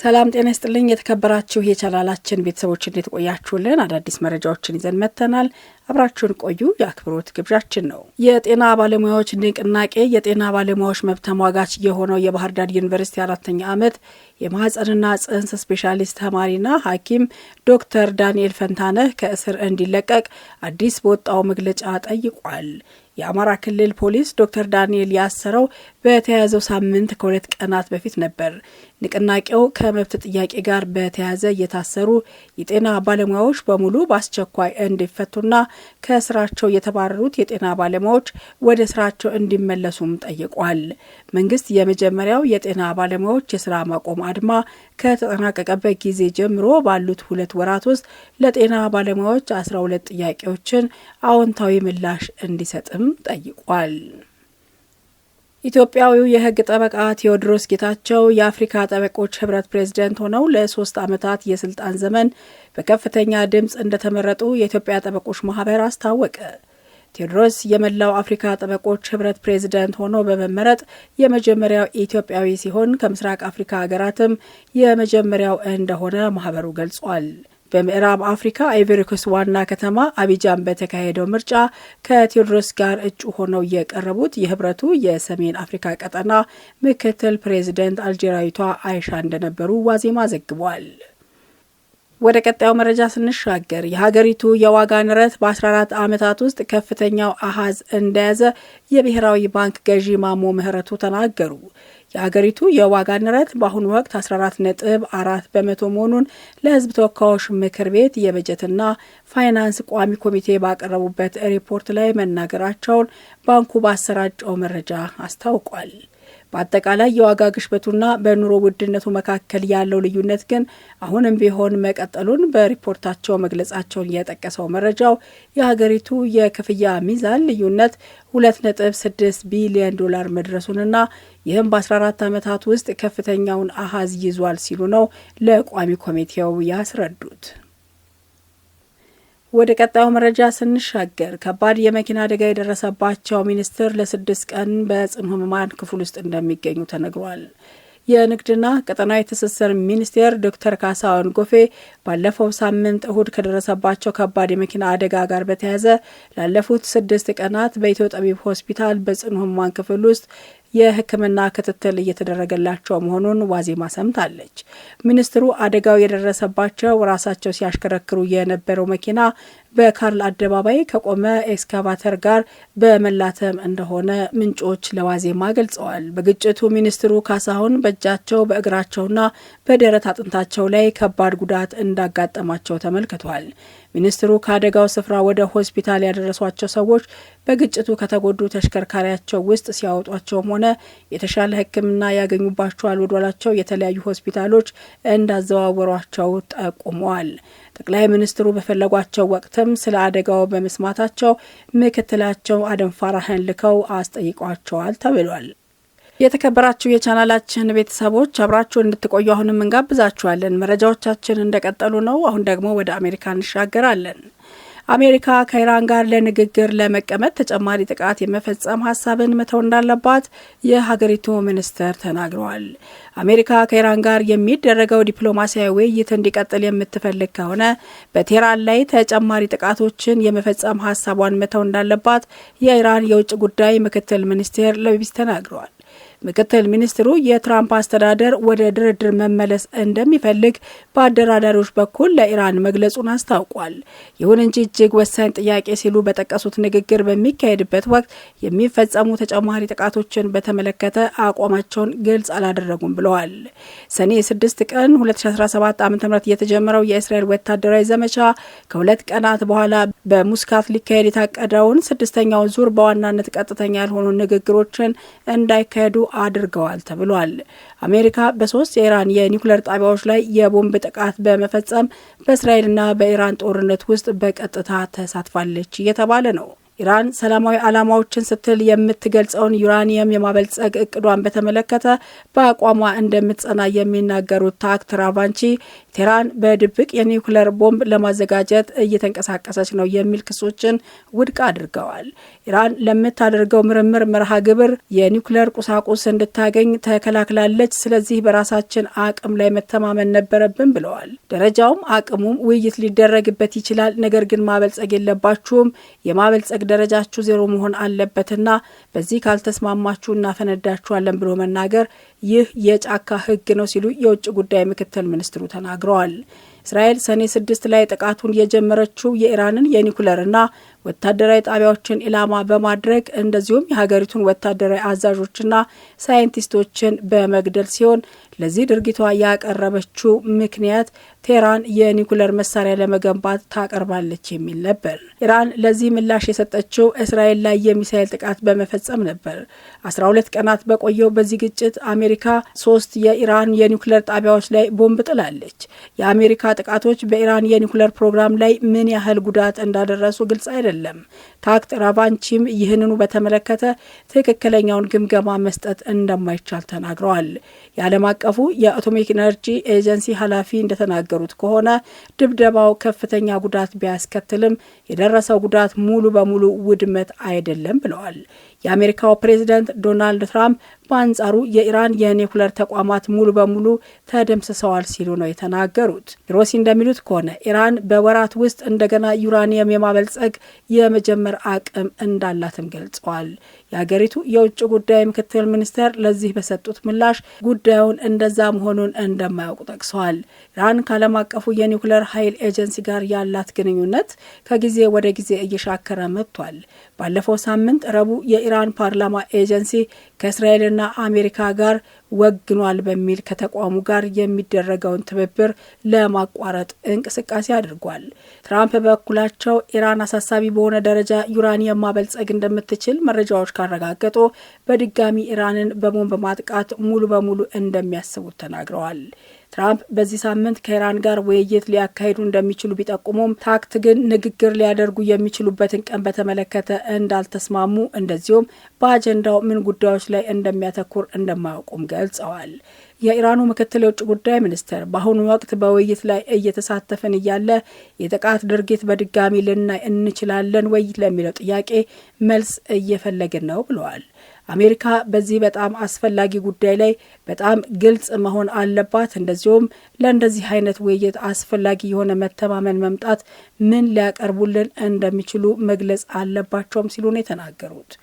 ሰላም ጤና ይስጥልኝ። የተከበራችሁ የቻናላችን ቤተሰቦች እንዴት ቆያችሁልን? አዳዲስ መረጃዎችን ይዘን መጥተናል። አብራችሁን ቆዩ የአክብሮት ግብዣችን ነው። የጤና ባለሙያዎች ንቅናቄ የጤና ባለሙያዎች መብት ተሟጋች የሆነው የባህር ዳር ዩኒቨርሲቲ አራተኛ ዓመት የማህፀንና ጽንስ ስፔሻሊስት ተማሪና ሐኪም ዶክተር ዳንኤል ፈንታነህ ከእስር እንዲለቀቅ አዲስ በወጣው መግለጫ ጠይቋል። የአማራ ክልል ፖሊስ ዶክተር ዳንኤል ያሰረው በተያያዘው ሳምንት ከሁለት ቀናት በፊት ነበር ንቅናቄው ከመብት ጥያቄ ጋር በተያያዘ የታሰሩ የጤና ባለሙያዎች በሙሉ በአስቸኳይ እንዲፈቱና ከስራቸው የተባረሩት የጤና ባለሙያዎች ወደ ስራቸው እንዲመለሱም ጠይቋል። መንግስት የመጀመሪያው የጤና ባለሙያዎች የስራ ማቆም አድማ ከተጠናቀቀበት ጊዜ ጀምሮ ባሉት ሁለት ወራት ውስጥ ለጤና ባለሙያዎች ሁለት ጥያቄዎችን አዎንታዊ ምላሽ እንዲሰጥም ጠይቋል። ኢትዮጵያዊው የህግ ጠበቃ ቴዎድሮስ ጌታቸው የአፍሪካ ጠበቆች ህብረት ፕሬዝደንት ሆነው ለሶስት ዓመታት የስልጣን ዘመን በከፍተኛ ድምፅ እንደተመረጡ የኢትዮጵያ ጠበቆች ማህበር አስታወቀ። ቴዎድሮስ የመላው አፍሪካ ጠበቆች ህብረት ፕሬዝደንት ሆኖ በመመረጥ የመጀመሪያው ኢትዮጵያዊ ሲሆን ከምስራቅ አፍሪካ ሀገራትም የመጀመሪያው እንደሆነ ማህበሩ ገልጿል። በምዕራብ አፍሪካ አይቨሪኮስ ዋና ከተማ አቢጃን በተካሄደው ምርጫ ከቴዎድሮስ ጋር እጩ ሆነው የቀረቡት የህብረቱ የሰሜን አፍሪካ ቀጠና ምክትል ፕሬዚደንት አልጄሪያዊቷ አይሻ እንደነበሩ ዋዜማ ዘግቧል። ወደ ቀጣዩ መረጃ ስንሻገር የሀገሪቱ የዋጋ ንረት በ14 ዓመታት ውስጥ ከፍተኛው አሃዝ እንደያዘ የብሔራዊ ባንክ ገዢ ማሞ ምህረቱ ተናገሩ። የሀገሪቱ የዋጋ ንረት በአሁኑ ወቅት 14 ነጥብ 4 በመቶ መሆኑን ለሕዝብ ተወካዮች ምክር ቤት የበጀትና ፋይናንስ ቋሚ ኮሚቴ ባቀረቡበት ሪፖርት ላይ መናገራቸውን ባንኩ ባሰራጨው መረጃ አስታውቋል። በአጠቃላይ የዋጋ ግሽበቱና በኑሮ ውድነቱ መካከል ያለው ልዩነት ግን አሁንም ቢሆን መቀጠሉን በሪፖርታቸው መግለጻቸውን የጠቀሰው መረጃው የሀገሪቱ የክፍያ ሚዛን ልዩነት 2.6 ቢሊዮን ዶላር መድረሱንና ይህም በ14 ዓመታት ውስጥ ከፍተኛውን አሃዝ ይዟል ሲሉ ነው ለቋሚ ኮሚቴው ያስረዱት። ወደ ቀጣዩ መረጃ ስንሻገር ከባድ የመኪና አደጋ የደረሰባቸው ሚኒስትር ለስድስት ቀን በጽኑ ህሙማን ክፍል ውስጥ እንደሚገኙ ተነግሯል። የንግድና ቀጠናዊ ትስስር ሚኒስቴር ዶክተር ካሳሁን ጎፌ ባለፈው ሳምንት እሁድ ከደረሰባቸው ከባድ የመኪና አደጋ ጋር በተያያዘ ላለፉት ስድስት ቀናት በኢትዮ ጠቢብ ሆስፒታል በጽኑ ህሙማን ክፍል ውስጥ የሕክምና ክትትል እየተደረገላቸው መሆኑን ዋዜማ ሰምታለች። ሚኒስትሩ አደጋው የደረሰባቸው ራሳቸው ሲያሽከረክሩ የነበረው መኪና በካርል አደባባይ ከቆመ ኤክስካቫተር ጋር በመላተም እንደሆነ ምንጮች ለዋዜማ ገልጸዋል። በግጭቱ ሚኒስትሩ ካሳሁን በእጃቸው በእግራቸውና በደረት አጥንታቸው ላይ ከባድ ጉዳት እንዳጋጠማቸው ተመልክቷል። ሚኒስትሩ ከአደጋው ስፍራ ወደ ሆስፒታል ያደረሷቸው ሰዎች በግጭቱ ከተጎዱ ተሽከርካሪያቸው ውስጥ ሲያወጧቸውም ሆነ የተሻለ ሕክምና ያገኙባቸዋል ወዷላቸው የተለያዩ ሆስፒታሎች እንዳዘዋወሯቸው ጠቁመዋል። ጠቅላይ ሚኒስትሩ በፈለጓቸው ወቅትም ስለ አደጋው በመስማታቸው ምክትላቸው አደም ፋራህን ልከው አስጠይቋቸዋል ተብሏል። የተከበራችሁ የቻናላችን ቤተሰቦች አብራችሁ እንድትቆዩ አሁንም እንጋብዛችኋለን። መረጃዎቻችን እንደቀጠሉ ነው። አሁን ደግሞ ወደ አሜሪካ እንሻገራለን። አሜሪካ ከኢራን ጋር ለንግግር ለመቀመጥ ተጨማሪ ጥቃት የመፈጸም ሀሳብን መተው እንዳለባት የሀገሪቱ ሚኒስትር ተናግረዋል። አሜሪካ ከኢራን ጋር የሚደረገው ዲፕሎማሲያዊ ውይይት እንዲቀጥል የምትፈልግ ከሆነ በቴህራን ላይ ተጨማሪ ጥቃቶችን የመፈጸም ሀሳቧን መተው እንዳለባት የኢራን የውጭ ጉዳይ ምክትል ሚኒስቴር ለቢቢሲ ተናግረዋል። ምክትል ሚኒስትሩ የትራምፕ አስተዳደር ወደ ድርድር መመለስ እንደሚፈልግ በአደራዳሪዎች በኩል ለኢራን መግለጹን አስታውቋል። ይሁን እንጂ እጅግ ወሳኝ ጥያቄ ሲሉ በጠቀሱት ንግግር በሚካሄድበት ወቅት የሚፈጸሙ ተጨማሪ ጥቃቶችን በተመለከተ አቋማቸውን ግልጽ አላደረጉም ብለዋል። ሰኔ 6 ቀን 2017 ዓ ም የተጀመረው የእስራኤል ወታደራዊ ዘመቻ ከሁለት ቀናት በኋላ በሙስካት ሊካሄድ የታቀደውን ስድስተኛውን ዙር በዋናነት ቀጥተኛ ያልሆኑ ንግግሮችን እንዳይካሄዱ አድርገዋል ተብሏል። አሜሪካ በሶስት የኢራን የኒውክለር ጣቢያዎች ላይ የቦምብ ጥቃት በመፈጸም በእስራኤልና በኢራን ጦርነት ውስጥ በቀጥታ ተሳትፋለች እየተባለ ነው። ኢራን ሰላማዊ ዓላማዎችን ስትል የምትገልጸውን ዩራኒየም የማበልጸግ እቅዷን በተመለከተ በአቋሟ እንደምትጸና የሚናገሩት ታክት ራቫንቺ ቴራን በድብቅ የኒውክለር ቦምብ ለማዘጋጀት እየተንቀሳቀሰች ነው የሚል ክሶችን ውድቅ አድርገዋል። ኢራን ለምታደርገው ምርምር መርሃ ግብር የኒውክለር ቁሳቁስ እንድታገኝ ተከላክላለች። ስለዚህ በራሳችን አቅም ላይ መተማመን ነበረብን ብለዋል። ደረጃውም አቅሙም ውይይት ሊደረግበት ይችላል። ነገር ግን ማበልጸግ የለባችሁም የማበልጸግ ደረጃችሁ ዜሮ መሆን አለበትና በዚህ ካልተስማማችሁ እናፈነዳችኋለን ብሎ መናገር ይህ የጫካ ህግ ነው ሲሉ የውጭ ጉዳይ ምክትል ሚኒስትሩ ተናግረዋል። እስራኤል ሰኔ ስድስት ላይ ጥቃቱን የጀመረችው የኢራንን የኒኩለርና ወታደራዊ ጣቢያዎችን ኢላማ በማድረግ እንደዚሁም የሀገሪቱን ወታደራዊ አዛዦችና ሳይንቲስቶችን በመግደል ሲሆን ለዚህ ድርጊቷ ያቀረበችው ምክንያት ቴህራን የኒኩለር መሳሪያ ለመገንባት ታቀርባለች የሚል ነበር። ኢራን ለዚህ ምላሽ የሰጠችው እስራኤል ላይ የሚሳኤል ጥቃት በመፈጸም ነበር። 12 ቀናት በቆየው በዚህ ግጭት አሜሪካ ሶስት የኢራን የኒኩለር ጣቢያዎች ላይ ቦምብ ጥላለች። የአሜሪካ ጥቃቶች በኢራን የኒኩለር ፕሮግራም ላይ ምን ያህል ጉዳት እንዳደረሱ ግልጽ አይደለም። አይደለም። ታክት ራቫንቺም ይህንኑ በተመለከተ ትክክለኛውን ግምገማ መስጠት እንደማይቻል ተናግረዋል። የዓለም አቀፉ የአቶሚክ ኤነርጂ ኤጀንሲ ኃላፊ እንደተናገሩት ከሆነ ድብደባው ከፍተኛ ጉዳት ቢያስከትልም የደረሰው ጉዳት ሙሉ በሙሉ ውድመት አይደለም ብለዋል። የአሜሪካው ፕሬዝደንት ዶናልድ ትራምፕ በአንጻሩ የኢራን የኒኩሌር ተቋማት ሙሉ በሙሉ ተደምስሰዋል ሲሉ ነው የተናገሩት። ሮሲ እንደሚሉት ከሆነ ኢራን በወራት ውስጥ እንደገና ዩራኒየም የማበልጸግ የመጀመር አቅም እንዳላትም ገልጸዋል። የሀገሪቱ የውጭ ጉዳይ ምክትል ሚኒስቴር ለዚህ በሰጡት ምላሽ ጉዳዩን እንደዛ መሆኑን እንደማያውቁ ጠቅሰዋል። ኢራን ከዓለም አቀፉ የኒውክለር ኃይል ኤጀንሲ ጋር ያላት ግንኙነት ከጊዜ ወደ ጊዜ እየሻከረ መጥቷል። ባለፈው ሳምንት ረቡዕ የኢራን ፓርላማ ኤጀንሲ ከእስራኤልና አሜሪካ ጋር ወግኗል በሚል ከተቋሙ ጋር የሚደረገውን ትብብር ለማቋረጥ እንቅስቃሴ አድርጓል። ትራምፕ በበኩላቸው ኢራን አሳሳቢ በሆነ ደረጃ ዩራኒየም ማበልጸግ እንደምትችል መረጃዎች ካረጋገጡ በድጋሚ ኢራንን በቦምብ ማጥቃት ሙሉ በሙሉ እንደሚያስቡት ተናግረዋል። ትራምፕ በዚህ ሳምንት ከኢራን ጋር ውይይት ሊያካሂዱ እንደሚችሉ ቢጠቁሙም ታክት ግን ንግግር ሊያደርጉ የሚችሉበትን ቀን በተመለከተ እንዳልተስማሙ እንደዚሁም በአጀንዳው ምን ጉዳዮች ላይ እንደሚያተኩር እንደማያውቁም ገልጸዋል። የኢራኑ ምክትል የውጭ ጉዳይ ሚኒስትር በአሁኑ ወቅት በውይይት ላይ እየተሳተፍን እያለ የጥቃት ድርጊት በድጋሚ ልናይ እንችላለን ወይ ለሚለው ጥያቄ መልስ እየፈለግን ነው ብለዋል። አሜሪካ በዚህ በጣም አስፈላጊ ጉዳይ ላይ በጣም ግልጽ መሆን አለባት። እንደዚሁም ለእንደዚህ አይነት ውይይት አስፈላጊ የሆነ መተማመን መምጣት ምን ሊያቀርቡልን እንደሚችሉ መግለጽ አለባቸውም ሲሉ ነው የተናገሩት።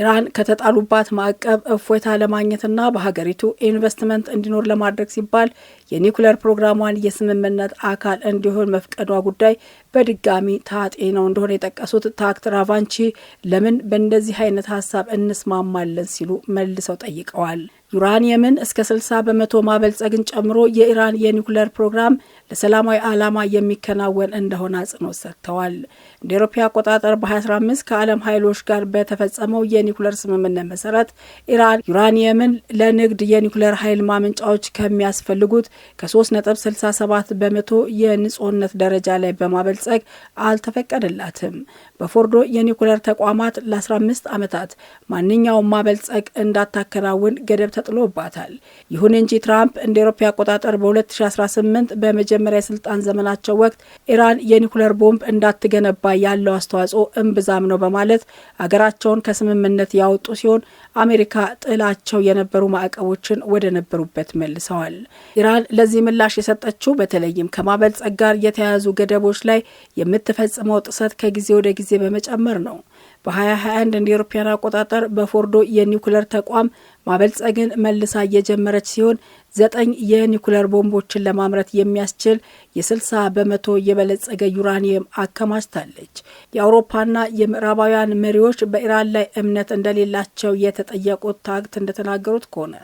ኢራን ከተጣሉባት ማዕቀብ እፎይታ ለማግኘትና በሀገሪቱ ኢንቨስትመንት እንዲኖር ለማድረግ ሲባል የኒውክሌር ፕሮግራሟን የስምምነት አካል እንዲሆን መፍቀዷ ጉዳይ በድጋሚ ታጤ ነው እንደሆነ የጠቀሱት ታክት ራቫንቺ ለምን በእንደዚህ አይነት ሀሳብ እንስማማለን ሲሉ መልሰው ጠይቀዋል። ዩራኒየምን እስከ 60 በመቶ ማበልጸግን ጨምሮ የኢራን የኒውክሌር ፕሮግራም ለሰላማዊ ዓላማ የሚከናወን እንደሆነ አጽንኦት ሰጥተዋል። እንደ አውሮፓ አቆጣጠር በ2015 ከዓለም ኃይሎች ጋር በተፈጸመው የኒኩለር ስምምነት መሰረት ኢራን ዩራኒየምን ለንግድ የኒኩለር ኃይል ማመንጫዎች ከሚያስፈልጉት ከ3.67 በመቶ የንጹህነት ደረጃ ላይ በማበልጸግ አልተፈቀደላትም። በፎርዶ የኒኩለር ተቋማት ለ15 ዓመታት ማንኛውም ማበልጸግ እንዳታከናውን ገደብ ተጥሎባታል። ይሁን እንጂ ትራምፕ እንደ አውሮፓ አቆጣጠር በ2018 በመጀመ የመጀመሪያ የስልጣን ዘመናቸው ወቅት ኢራን የኒኩለር ቦምብ እንዳትገነባ ያለው አስተዋጽኦ እምብዛም ነው በማለት አገራቸውን ከስምምነት ያወጡ ሲሆን አሜሪካ ጥላቸው የነበሩ ማዕቀቦችን ወደ ነበሩበት መልሰዋል። ኢራን ለዚህ ምላሽ የሰጠችው በተለይም ከማበልጸግ ጋር የተያያዙ ገደቦች ላይ የምትፈጽመው ጥሰት ከጊዜ ወደ ጊዜ በመጨመር ነው። በ2021 እንደ አውሮፓውያን አቆጣጠር በፎርዶ የኒውክለር ተቋም ማበልጸግን መልሳ እየጀመረች ሲሆን ዘጠኝ የኒኩለር ቦምቦችን ለማምረት የሚያስችል የ60 በመቶ የበለጸገ ዩራኒየም አከማችታለች። የአውሮፓና የምዕራባውያን መሪዎች በኢራን ላይ እምነት እንደሌላቸው የተጠየቁት ታግት እንደተናገሩት ከሆነ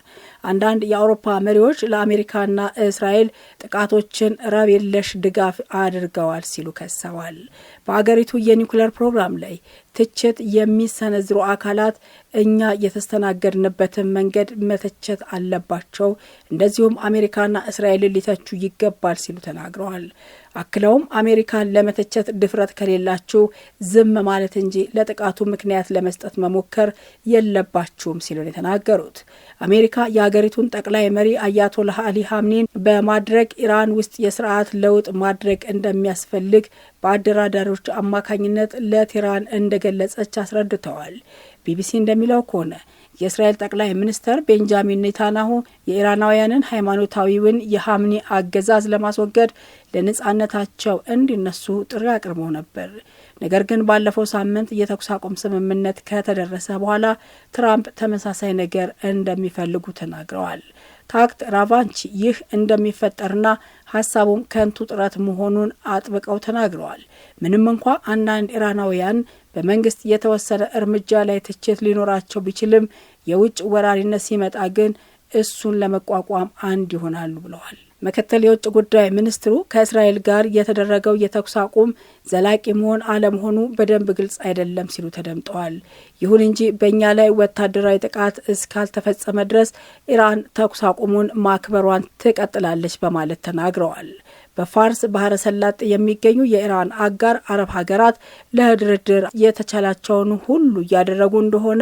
አንዳንድ የአውሮፓ መሪዎች ለአሜሪካና እስራኤል ጥቃቶችን ረብ የለሽ ድጋፍ አድርገዋል ሲሉ ከሰዋል። በአገሪቱ የኒኩለር ፕሮግራም ላይ ትችት የሚሰነዝሩ አካላት እኛ የተስተናገድንበትን መንገድ መተቸት አለባቸው እንደዚሁም አሜሪካና እስራኤልን ሊተቹ ይገባል ሲሉ ተናግረዋል። አክለውም አሜሪካን ለመተቸት ድፍረት ከሌላችሁ ዝም ማለት እንጂ ለጥቃቱ ምክንያት ለመስጠት መሞከር የለባችሁም ሲሉ ነው የተናገሩት። አሜሪካ የአገሪቱን ጠቅላይ መሪ አያቶላህ አሊ ሀምኔን በማድረግ ኢራን ውስጥ የስርዓት ለውጥ ማድረግ እንደሚያስፈልግ በአደራዳሪዎች አማካኝነት ለቴህራን እንደገለጸች አስረድተዋል። ቢቢሲ እንደሚለው ከሆነ የእስራኤል ጠቅላይ ሚኒስተር ቤንጃሚን ኔታናሁ የኢራናውያንን ሃይማኖታዊውን የሀምኒ አገዛዝ ለማስወገድ ለነጻነታቸው እንዲነሱ ጥሪ አቅርበው ነበር። ነገር ግን ባለፈው ሳምንት የተኩስ አቁም ስምምነት ከተደረሰ በኋላ ትራምፕ ተመሳሳይ ነገር እንደሚፈልጉ ተናግረዋል። ታክት ራቫንቺ ይህ እንደሚፈጠርና ሀሳቡም ከንቱ ጥረት መሆኑን አጥብቀው ተናግረዋል። ምንም እንኳ አንዳንድ ኢራናውያን በመንግስት የተወሰነ እርምጃ ላይ ትችት ሊኖራቸው ቢችልም የውጭ ወራሪነት ሲመጣ ግን እሱን ለመቋቋም አንድ ይሆናሉ ብለዋል። ምክትል የውጭ ጉዳይ ሚኒስትሩ ከእስራኤል ጋር የተደረገው የተኩስ አቁም ዘላቂ መሆን አለመሆኑ በደንብ ግልጽ አይደለም ሲሉ ተደምጠዋል። ይሁን እንጂ በእኛ ላይ ወታደራዊ ጥቃት እስካልተፈጸመ ድረስ ኢራን ተኩስ አቁሙን ማክበሯን ትቀጥላለች በማለት ተናግረዋል። በፋርስ ባህረ ሰላጤ የሚገኙ የኢራን አጋር አረብ ሀገራት ለድርድር የተቻላቸውን ሁሉ እያደረጉ እንደሆነ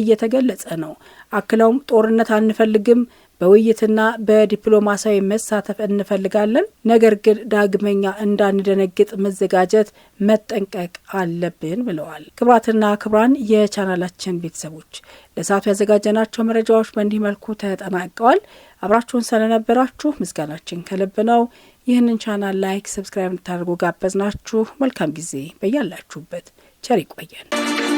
እየተገለጸ ነው። አክለውም ጦርነት አንፈልግም፣ በውይይትና በዲፕሎማሲያዊ መሳተፍ እንፈልጋለን። ነገር ግን ዳግመኛ እንዳንደነግጥ መዘጋጀት፣ መጠንቀቅ አለብን ብለዋል። ክቡራትና ክቡራን የቻናላችን ቤተሰቦች ለሰዓቱ ያዘጋጀናቸው መረጃዎች በእንዲህ መልኩ ተጠናቀዋል። አብራችሁን ስለነበራችሁ ምስጋናችን ከልብ ነው። ይህንን ቻናል ላይክ፣ ሰብስክራይብ እንድታደርጉ ጋበዝናችሁ። መልካም ጊዜ በያላችሁበት ቸር ይቆየን።